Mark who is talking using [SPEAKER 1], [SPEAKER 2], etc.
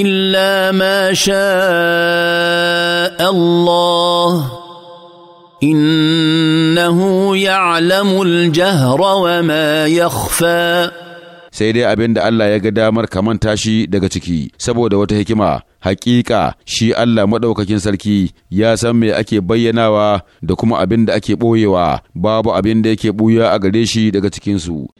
[SPEAKER 1] الا ما شاء الله
[SPEAKER 2] انه يعلم الجهر وما يخفى
[SPEAKER 3] sai dai abin da Allah ya ga damar manta shi daga ciki saboda wata hikima hakika shi Allah maɗaukakin sarki ya san me ake bayyanawa da kuma abin da ake ɓoyewa babu abin da yake ɓuya a gare shi daga
[SPEAKER 4] cikinsu